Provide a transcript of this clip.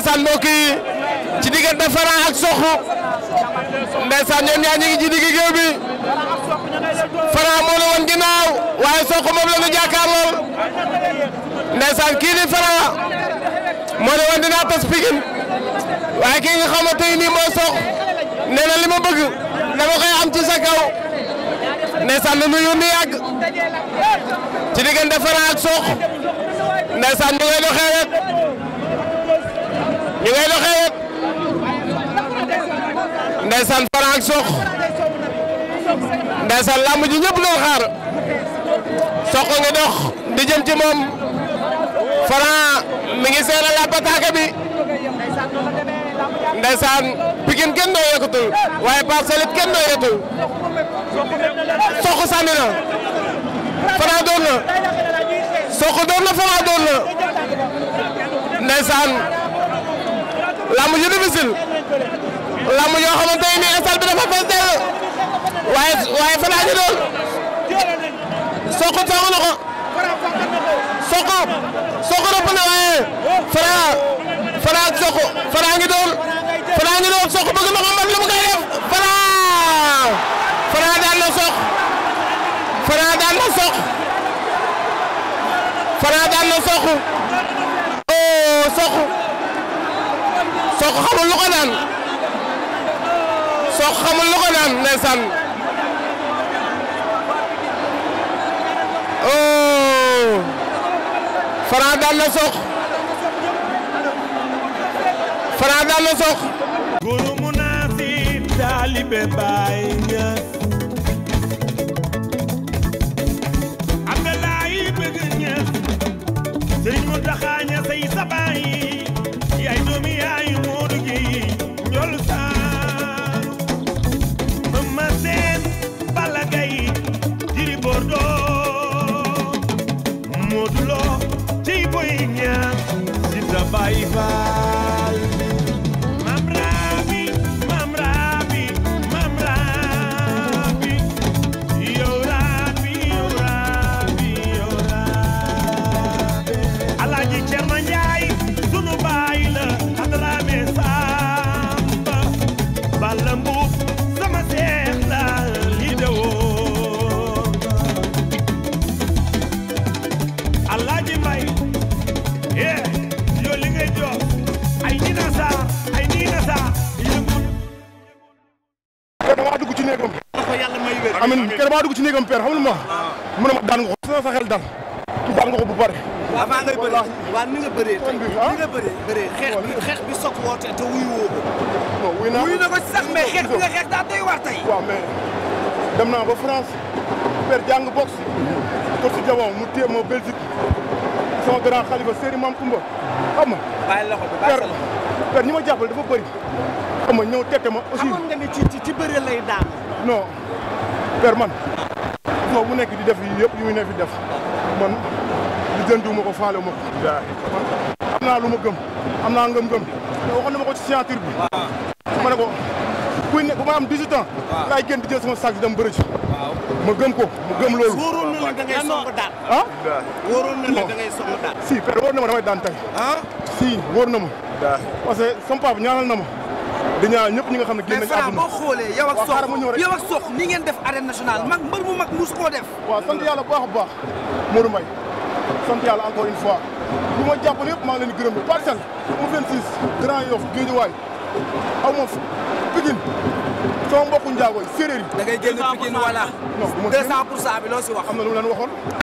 ndeysaan mbokk yi ci diggante Franc ak Sokh ndeysaan ñoom ñaar ñi ngi ci digg géew bi Franc moo la woon ginnaaw waaye Sokh moom la ñu jàkkaarlool ndeysaan li ma bëgg dama nu nuyu nu yàgg ci diggante Franc ak Sokh ndeysaan ñu ngay doxee rek ñu ngay doxee rek ndeysaan Franc ak Sokh ji ñëpp doon xaar Sokh nga dox di jëm ci moom Franc mi ngi seena la pataake bi ndeysaan Pikine kenn doo yëkkatul waaye Parcelles it kenn doo yëkkatul Sokh sànni na doon na Sokh doon na Franc doon na ndeysaan lamb ji difficile lamb yoo xamante ne nii stade bi dafa fees dell waaye waaye Franc ji doon Sokh song na ko Sokh Sokh rëpp na waaye Franc Franc Sokh Franc ngi doon Franc ngi doon Sokh bëgg na ko mën lu mu koy def Franc Franc daan na Sokh Franc daan na Sokh Franc daan na Sokh soo ko xamul lu ko daan soo ko xamul lu ko daan ndeysaan oh Franc daan na Sokh Franc daan na Sokh guru mu naa si taalibe baay nga Abdalaay bëgg ña sëriñ mu taxaaña say sabaay yaay doomi yaayu rainha de Itapaiva. néegam. amiin keroog maa dugg ci néegam père xam nga lu ma wax. mu ne ma daan ko sa xel dal. daan ko bu pare. waaw maa ngay bëree waaw ni nga bëree tey ni ah? nga bëree na naa ba France. père jàng boxe. ko si mu téye ma Belgique. sama grand xalifa Serigne Mame Koumba xam nga. bàyyi ñi ma jàppale dafa bëri. xam nga ñëw tette ma aussi. amoon nga ne ci ci bëri lay daan. non per man soo bu nekk di def yi yëpp yu muy ne fi def man di jënduwuma ko faale ma ko am naa lu ma gëm am naa ngëm-ngëm te waxoon na ma ko ci signature bi ma ne ko kuy ne bu ma am 18 ans laa gën di jël sama sac dem bërëj ma gëm ko ma gëm loolu wóoroon na la da ngay song daal ah? da ngay song daal si per wóor na ma damay daan tey ah? si wóor na ma parce que sama papa ñaanal na ma di ñaan ñëpp ñi nga xam ne génn nañ àdduna mais boo xoolee yow ak sox ni ngeen def arène nationale mag mbër mag musu koo def waaw sant yàlla baax a baax Modou Mbaye sant yàlla encore une fois bu ma jàppale yëpp maa ngi leen gërëm parcelle mu 26 Grand Yoff Guédiawaye aw ma Pikine sama mbokku njaago yi séeréer yi da ngay génn Pikine voilà 200 pour cent bi loo si wax am na lu mu waxoon